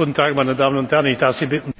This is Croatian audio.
guten tag meine damen und herren! ich darf sie bitten